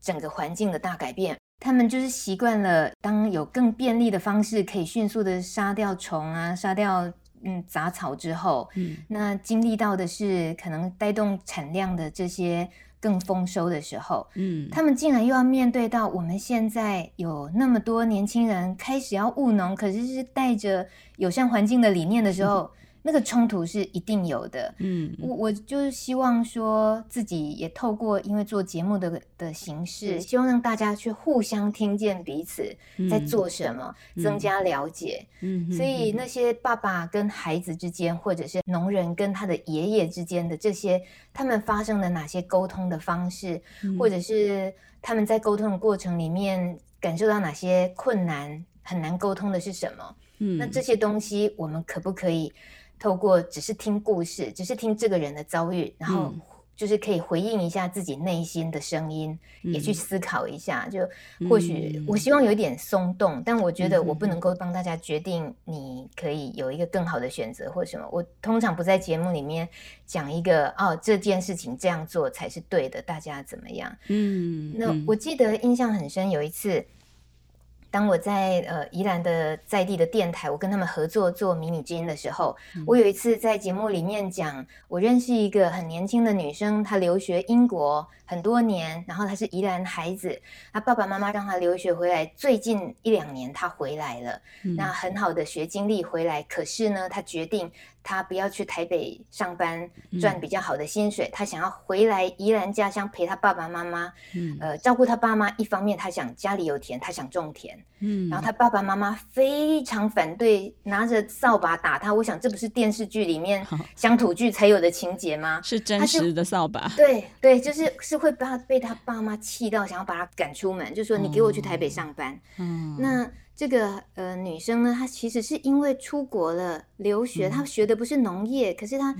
整個環境的大改變，他們就是習慣了。當有更便利的方式可以迅速的殺掉蟲啊，殺掉嗯雜草之後，嗯，那經歷到的是可能帶動產量的這些更豐收的時候，嗯，他們竟然又要面對到我們現在有那麼多年輕人開始要務農，可是是帶着友善環境的理念的時候。嗯那個衝突是一定有的，嗯，我我就是希望說，自己也透過因為做節目的的形式、嗯，希望讓大家去互相聽見彼此在做什麼、嗯，增加了解，嗯，所以那些爸爸跟孩子之間、嗯，或者是農人跟他的爺爺之間的這些，他們發生了哪些溝通的方式、嗯，或者是他們在溝通的過程裡面感受到哪些困難，很難溝通的是什麼，嗯，那這些東西我們可不可以？透過只是聽故事，只是聽這個人的遭遇，然後就是可以回應一下自己內心的聲音，嗯、也去思考一下、嗯，就或許我希望有一點鬆動、嗯，但我覺得我不能夠幫大家決定，你可以有一個更好的選擇或什麼。嗯嗯、我通常不在節目裡面講一個哦，這件事情這樣做才是對的，大家怎麼樣？嗯，嗯那我記得印象很深，有一次。當我在呃宜蘭的在地的電台，我跟他們合作做米米之音的時候，我有一次在節目裡面講，我認識一個很年輕的女生，她留學英國很多年，然後她是宜蘭孩子，她爸爸媽媽讓她留學回來，最近一兩年她回來了，那很好的學經歷回來，可是呢，她決定。他不要去台北上班賺比較好的薪水，嗯，他想要回來宜蘭家鄉陪他爸爸媽媽，嗯，呃，照顧他爸媽。一方面他想家裡有田，他想種田。嗯，然後他爸爸媽媽非常反對，拿着掃把打他。我想這不是電視劇裡面鄉土劇才有的情節嗎？是真實的掃把。對對，就是是會把被他爸媽氣到，想要把他趕出門，嗯，就說你給我去台北上班。嗯，嗯，那。這個呃女生呢，她其實是因為出國了留學，嗯、她學的不是農業，可是她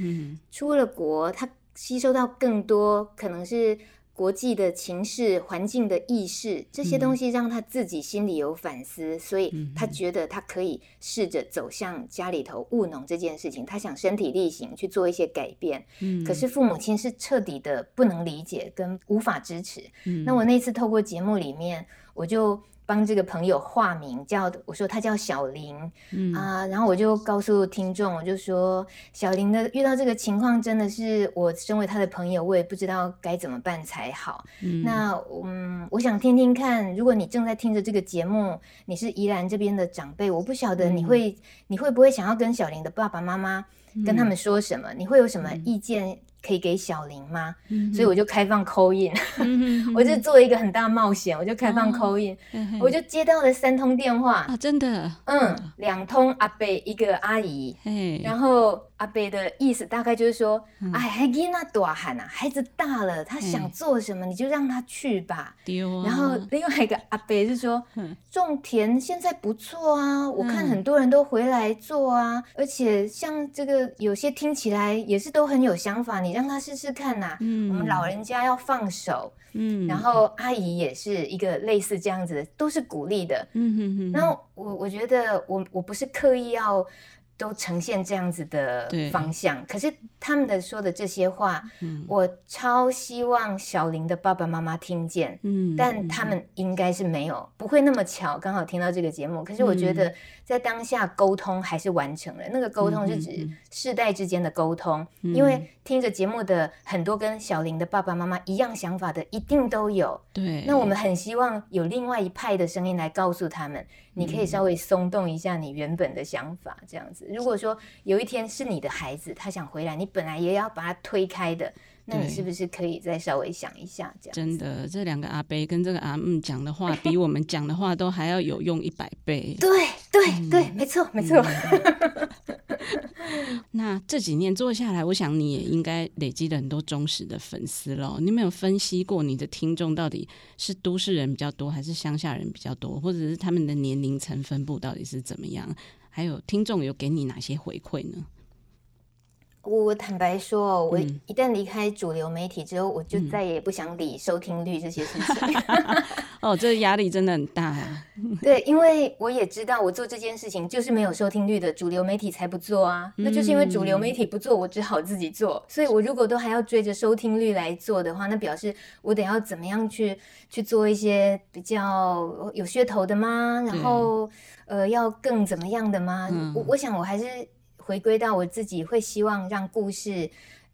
出了國，嗯、她吸收到更多可能是國際的情勢、環境的意識這些東西，讓她自己心裡有反思、嗯，所以她覺得她可以試着走向家裡頭務農這件事情，她想身體力行去做一些改變、嗯。可是父母親是徹底的不能理解跟無法支持。嗯、那我那次透過節目裡面，我就。幫這個朋友化名，叫我說他叫小林，啊、嗯呃，然後我就告訴聽眾，我就說小林的遇到這個情況真的是，我身為他的朋友，我也不知道該怎麼辦才好。嗯，那嗯，我想聽聽看，如果你正在聽着這個節目，你是宜蘭這邊的長輩，我不曉得你會、嗯、你會不會想要跟小林的爸爸媽媽跟他們說什麼，嗯、你會有什麼意見？嗯可以給小林嗎？嗯、所以我就開放 call in、嗯、 (laughs) 我就做一個很大冒險、嗯，我就開放 call in、啊、我就接到了三通電話啊，真的，嗯，兩通阿伯，一個阿姨、嗯，然後阿伯的意思大概就是說，嗯、哎，囡囡大漢啊，孩子大了，他想做什麼、嗯、你就讓他去吧、啊。然後另外一個阿伯就是說、嗯，種田現在不錯啊，我看很多人都回來做啊，嗯、而且像這個有些聽起來也是都很有想法，你。讓他試試看吶，啊，嗯，我們老人家要放手，嗯，然後阿姨也是一個類似這樣子的，都是鼓勵的，嗯哼哼，然後我我覺得我我不是刻意要。都呈現這樣子的方向，可是他們的說的這些話，嗯，我超希望小林的爸爸媽媽聽見，嗯，但他們應該是沒有，嗯，不會那麼巧剛好聽到這個節目。可是我覺得在當下溝通還是完成了，嗯，那個溝通是指世代之間的溝通，嗯，因為聽着節目的很多跟小林的爸爸媽媽一樣想法的一定都有，對，嗯。那我們很希望有另外一派的聲音來告訴他們，嗯，你可以稍微鬆動一下你原本的想法，這樣子。如果說有一天是你的孩子，他想回來，你本來也要把他推開的，那你是不是可以再稍微想一下？這樣真的，這兩個阿伯跟這個阿姆講的話，比我們講的話都還要有用一百倍。對 (laughs) 對對，對對嗯、沒錯沒錯。嗯、 (laughs) 那這幾年做下來，我想你也應該累積了很多忠實的粉絲嘍。你沒有分析過你的聽眾到底是都市人比較多，還是鄉下人比較多，或者是他們的年齡層分布到底是怎麼樣？還有聽眾有給你哪些回饋呢？我我坦白說，我一旦離開主流媒體之後、嗯，我就再也不想理收聽率這些事情。嗯、 (laughs) (laughs) 哦，這壓力真的很大啊！ (laughs) 對，因為我也知道，我做這件事情就是沒有收聽率的，主流媒體才不做啊、嗯。那就是因為主流媒體不做，我只好自己做。所以我如果都還要追着收聽率來做的話，那表示我得要怎麼樣去去做一些比較有噱頭的嗎？然後。呃，要更怎麼樣的嗎？嗯、我我想我還是回歸到我自己，會希望讓故事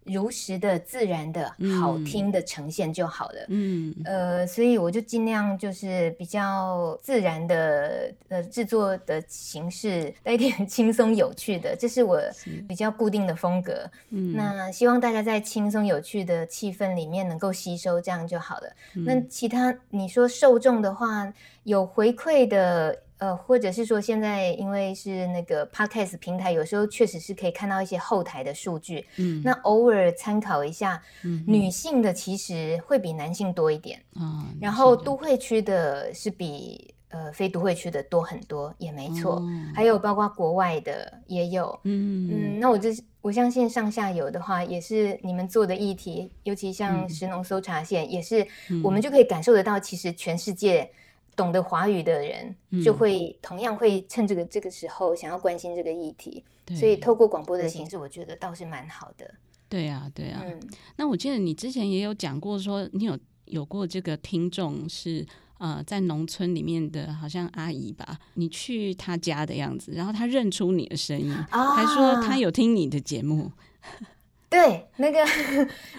如實的、自然的、嗯、好聽的呈現就好了。嗯，呃，所以我就盡量就是比較自然的呃製作的形式，帶一點輕鬆有趣的，這是我比較固定的風格。嗯，那希望大家在輕鬆有趣的氣氛裡面能夠吸收，這樣就好了。嗯、那其他你說受眾的話，有回饋的。呃，或者是說，現在因為是那個 podcast 平台，有時候確實是可以看到一些後台的數據。嗯，那偶爾參考一下，嗯、女性的其實會比男性多一點。嗯、然後都會區的是比呃非都會區的多很多，也沒錯。哦、還有包括國外的也有。嗯嗯，那我就是我相信上下游的話，也是你們做的議題，尤其像食農搜查線、嗯，也是我們就可以感受得到，其實全世界。懂得華語的人就會同樣會趁這個這個時候，想要關心這個議題，嗯，所以透過廣播的形式，我覺得倒是蠻好的。對啊，對啊，嗯。那我記得你之前也有講過，說你有有過這個聽眾是呃在農村裡面的，好像阿姨吧，你去她家的樣子，然後她認出你的聲音，哦，還說她有聽你的節目。 (laughs) 對，那個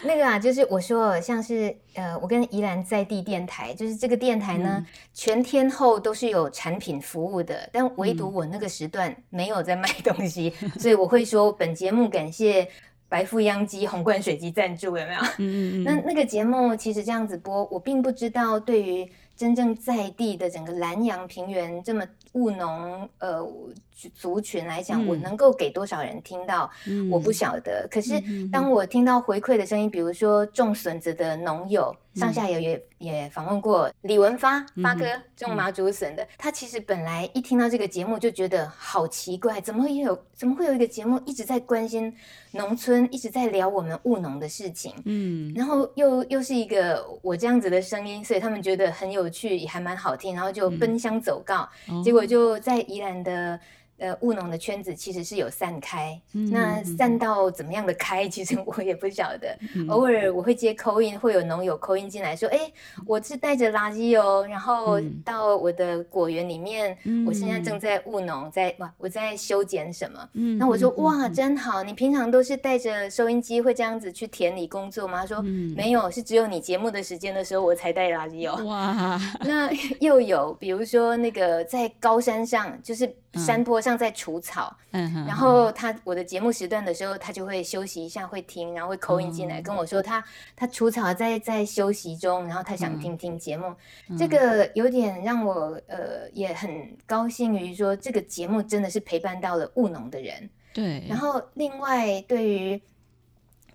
那個啊，就是我說，像是呃，我跟宜蘭在地電台，就是這個電台呢，嗯、全天候都是有產品服務的，但唯獨我那個時段沒有在賣東西，嗯、所以我會說本節目感謝白腹秧雞、紅冠水雞贊助，有沒有？嗯嗯。那那個節目其實這樣子播，我並不知道對於。真正在地的整個蘭陽平原這麼務農呃、族族群來講，我能夠給多少人聽到，我不曉得。可是當我聽到回饋的聲音，比如說種筍子的農友，上下游也也也訪問過李文發發哥種麻竹筍的，他其實本來一聽到這個節目就覺得好奇怪，怎麼也有怎麼會有一個節目一直在關心農村，一直在聊我們務農的事情，嗯，然後又又是一個我這樣子的聲音，所以他們覺得很有去也還蠻好聽，然後就奔相走告。嗯哦，結果就在宜蘭的。呃，務農的圈子其實是有散開，嗯、那散到怎麼樣的開，嗯、其實我也不曉得。嗯、偶爾我會接 call in，會有農友 call in 進來，說：“哎，我是帶着 radio，然後到我的果園裡面，嗯、我現在正在務農，在哇，我在修剪什麼。嗯”那我說、嗯：“哇，真好！你平常都是帶着收音機會這樣子去田裡工作嗎？”他說、嗯：“沒有，是只有你節目的時間的時候我才帶 radio。”哇，那又有比如說那個在高山上，就是。山坡上在除草，嗯，然後他，我的節目時段的時候，他就會休息一下，會聽，然後會 call in 進來跟我說他，他、嗯、他除草在在休息中，然後他想聽聽節目，嗯嗯、這個有點讓我呃也很高興於說這個節目真的是陪伴到了務農的人，對，然後另外對於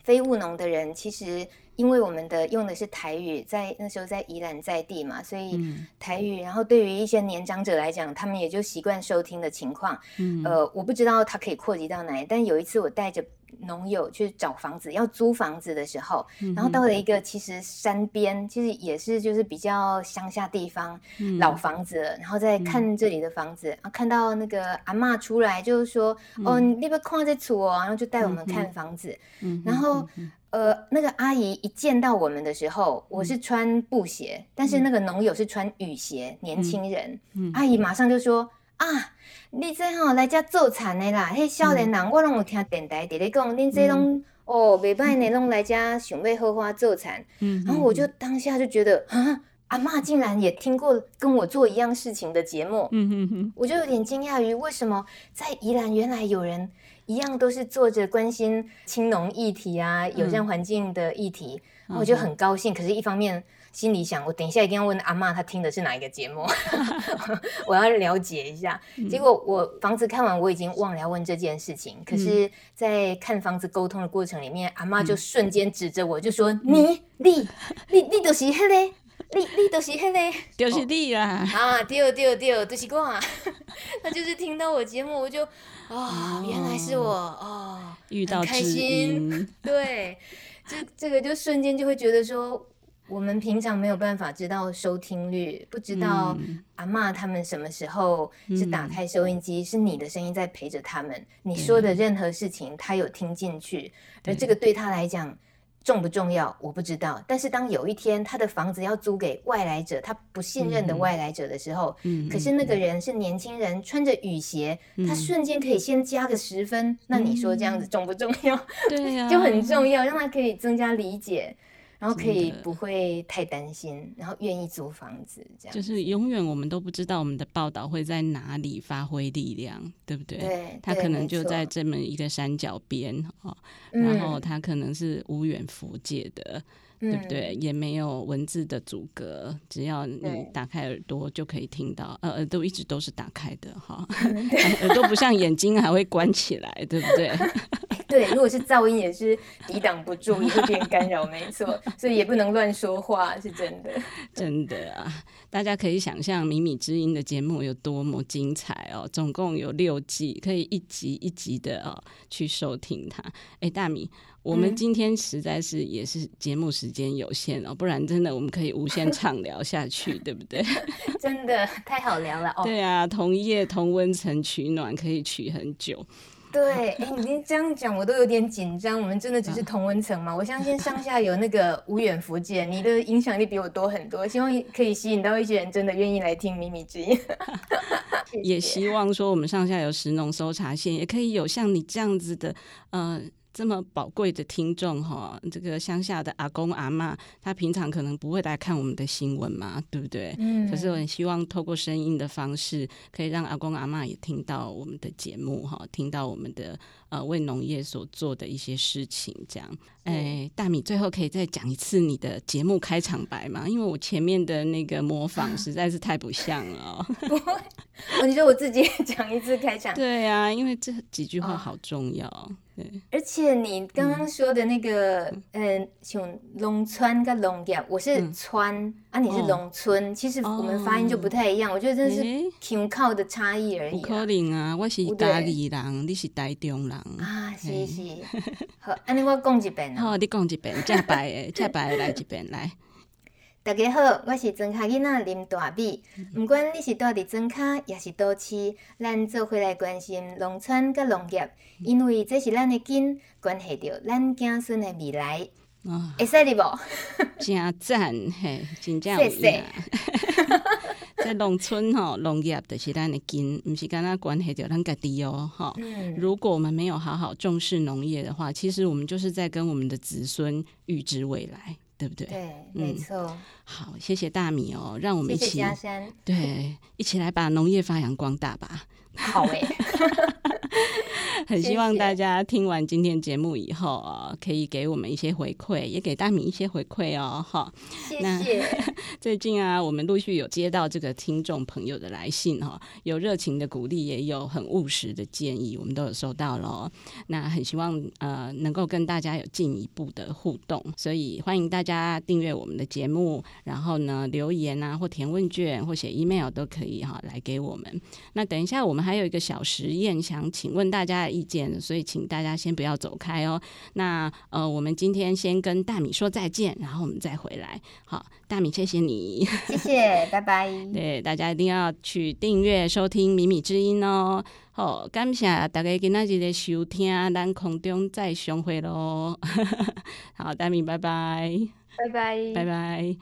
非務農的人，其實。因為我們的用的是台語，在那時候在宜蘭在地嘛，所以台語、嗯。然後對於一些年長者來講，他們也就習慣收聽的情況。嗯、呃，我不知道它可以擴及到哪裡。但有一次我帶着農友去找房子，要租房子的時候，然後到了一個其實山邊，嗯嗯、其實也是就是比較鄉下地方老房子、嗯，然後在看這裡的房子，然、嗯啊、看到那個阿嬤出來就說：“嗯、哦，你那邊空在厝哦。”然後就帶我們看房子，嗯嗯、然後。嗯嗯嗯嗯呃，那個阿姨一見到我們的時候，我是穿布鞋，嗯、但是那個農友是穿雨鞋。年輕人、嗯嗯，阿姨馬上就說：“啊，你最吼來家做蠶的啦，嘿少年人、嗯、我攏有聽電台在咧講，你這攏、嗯、哦未拜呢，攏、嗯、來家想要好好做蠶。嗯”嗯，然後我就當下就覺得，啊，阿媽竟然也聽過跟我做一樣事情的節目，嗯哼哼、嗯嗯，我就有點驚訝於為什麼在宜蘭原來有人。一樣都是做着關心青農議題啊，友善環境的議題，嗯、我就很高興。嗯、可是，一方面心裡想，我等一下一定要問阿媽，她聽的是哪一個節目， (laughs) (laughs) 我要了解一下。嗯、結果，我房子看完，我已經忘了要問這件事情。嗯、可是，在看房子溝通的過程裡面，阿媽就瞬間指着我就說、嗯：“你，你，你，你都是黑嘞，你，你都是黑嘞，就是你啦、哦、啊，丟丟丟，都習啊。哦」他、就是、 (laughs) 就是聽到我節目，我就。哦，哦，原來是我哦，遇到知音。 (laughs) 對，這這個就瞬間就會覺得說，我們平常沒有辦法知道收聽率，不知道阿嬤他們什麼時候是打開收音機、嗯，是你的聲音在陪着他們、嗯，你說的任何事情，他有聽進去，而這個對他來講。重不重要？我不知道。但是當有一天他的房子要租給外來者，他不信任的外來者的時候，嗯，可是那個人是年輕人，嗯，穿着雨鞋，嗯，他瞬間可以先加個十分，嗯。那你說這樣子重不重要？ (laughs) 對啊，對呀，就很重要，讓他可以增加理解。然後可以不會太擔心，然後願意租房子這樣。就是永遠我們都不知道我們的報道會在哪裡發揮力量，對不對？對，它可能就在這麼一個山腳邊，然後它可能是無遠弗屆的、嗯，對不對？也沒有文字的阻隔、嗯，只要你打開耳朵就可以聽到，呃，耳朵一直都是打開的哈、嗯，耳朵不像眼睛還會關起來， (laughs) 對不對？ (laughs) (laughs) 對，如果是噪音也是抵擋不住，也會變干擾，沒錯，所以也不能亂說話，是真的。真的啊，大家可以想象《米米之音》的節目有多麼精彩哦，總共有六季，可以一集一集的哦去收聽它。誒、欸，大米，我們今天實在是也是節目時間有限哦、嗯，不然真的我們可以無限暢聊下去， (laughs) 對不對？真的太好聊了哦。對啊，同夜同溫層取暖可以取很久。 (laughs) 對，哎、欸，你這樣講我都有點緊張。我們真的只是同溫層嘛，我相信上下游那個無遠弗屆，你的影響力比我多很多。希望可以吸引到一些人，真的願意來聽米米之音。 (laughs) 也希望說我們上下游食農搜查線，也可以有像你這樣子的，嗯、呃。這麼寶貴的聽眾哈，這個鄉下的阿公阿嬤，他平常可能不會來看我們的新聞嘛，對不對？嗯、可是我很希望透過聲音的方式，可以讓阿公阿嬤也聽到我們的節目哈，聽到我們的呃為農業所做的一些事情這樣。哎、欸，大米，最後可以再講一次你的節目開場白嗎？因為我前面的那個模仿實在是太不像了，喔。 (laughs) 我你說我自己講一次開場。 (laughs) 對呀、啊，因為這幾句話好重要。哦、對，而且你剛剛說的那個，嗯，嗯像農村跟農業，我是川、嗯、啊，你是農村、哦，其實我們發音就不太一樣。哦、我覺得真的是腔口的差異而已、啊。不、欸、可能啊，我是嘉義人，你是台中人啊，是是。好，安尼我講一遍。 (laughs) 好、哦，你講一遍，正白的，正 (laughs) 白的來一遍來。大家好，我是莊卡囡仔林大米。毋、嗯、管你是到佇莊卡，抑是倒市，咱做伙來關心農村甲農業，因為這是咱的根，關係着咱子孫的未來。哎、哦，的不，真讚 (laughs) 嘿，真這樣子在農村哈、哦，農業是咱的根，不是剛剛講的丟人哦，哦、嗯、如果我們沒有好好重視農業的話，其實我們就是在跟我們的子孫預知未來，對不對？對、嗯，沒錯，好，謝謝大米哦，讓我們一起，謝謝對，一起來把農業發揚光大吧。好誒、欸， (laughs) 很希望大家聽完今天節目以後啊、呃，可以給我們一些回饋，也給大米一些回饋哦。好，謝謝。最近啊，我們陸續有接到這個聽眾朋友的來信哈，有熱情的鼓勵，也有很務實的建議，我們都有收到嘍、哦。那很希望呃，能夠跟大家有進一步的互動，所以歡迎大家訂閱我們的節目，然後呢，留言啊，或填問卷，或寫 email 都可以哈，來給我們。那等一下我們。還有一個小實驗，想請問大家的意見，所以請大家先不要走開哦。那呃，我們今天先跟大米說再見，然後我們再回來。好，大米，謝謝你，謝謝， (laughs) 拜拜。對，大家一定要去訂閱收聽米米之音哦。好，感謝大家今仔日的收聽，咱空中再相會嘍。 (laughs) 好，大米拜拜，拜拜，拜拜，拜拜。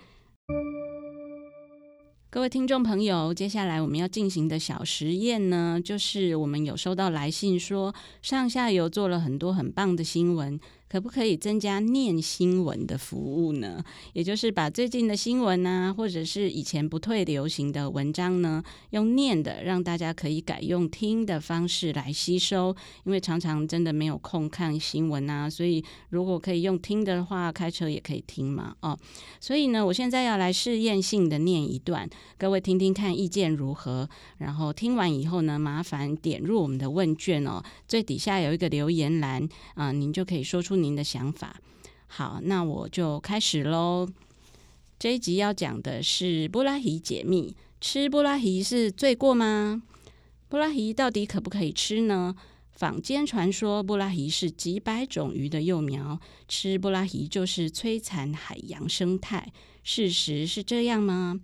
各位聽眾朋友，接下來我們要進行的小實驗呢，就是我們有收到來信說，上下游做了很多很棒的新聞。可不可以增加念新聞的服務呢？也就是把最近的新聞啊，或者是以前不退流行的文章呢，用念的，讓大家可以改用聽的方式來吸收。因為常常真的沒有空看新聞啊，所以如果可以用聽的話，開車也可以聽嘛。哦，所以呢，我現在要來試驗性的念一段，各位聽聽看意見如何。然後聽完以後呢，麻煩點入我們的問卷哦，最底下有一個留言欄啊，呃，您就可以說出。您的想法，好，那我就開始嘍。這一集要講的是魩仔魚解密，吃魩仔魚是罪過嗎？魩仔魚到底可不可以吃呢？坊間傳說魩仔魚是幾百種魚的幼苗，吃魩仔魚就是摧殘海洋生態，事實是這樣嗎？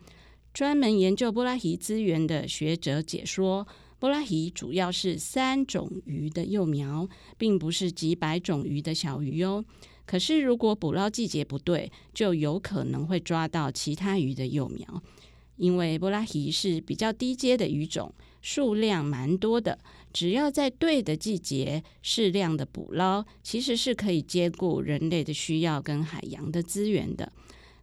專門研究魩仔魚資源的學者解說。波拉吉主要是三種魚的幼苗，並不是幾百種魚的小魚哦。可是，如果捕撈季節不對，就有可能會抓到其他魚的幼苗。因為波拉吉是比較低階的魚種，數量蠻多的，只要在對的季節適量的捕撈，其實是可以兼顧人類的需要跟海洋的資源的。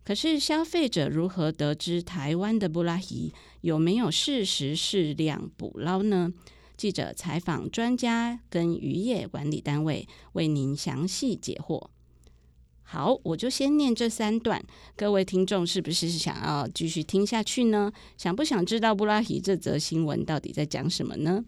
可是消費者如何得知台灣的布拉吉有沒有適時適量捕撈呢？記者採訪專家跟漁業管理單位，為您詳細解惑。好，我就先念這三段，各位聽眾是不是想要繼續聽下去呢？想不想知道布拉吉這則新聞到底在講什麼呢？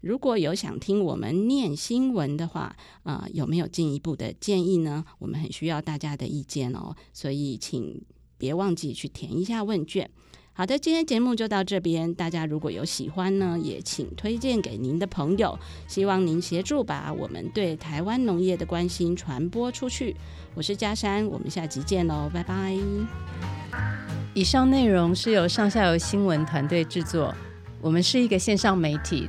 如果有想聽我們念新聞的話，啊、呃，有沒有進一步的建議呢？我們很需要大家的意見哦，所以請別忘記去填一下問卷。好的，今天節目就到這邊，大家如果有喜歡呢，也請推薦給您的朋友，希望您協助把我們對台灣農業的關心傳播出去。我是佳珊，我們下集見嘍，拜拜。以上內容是由上下游新聞團隊製作，我們是一個線上媒體。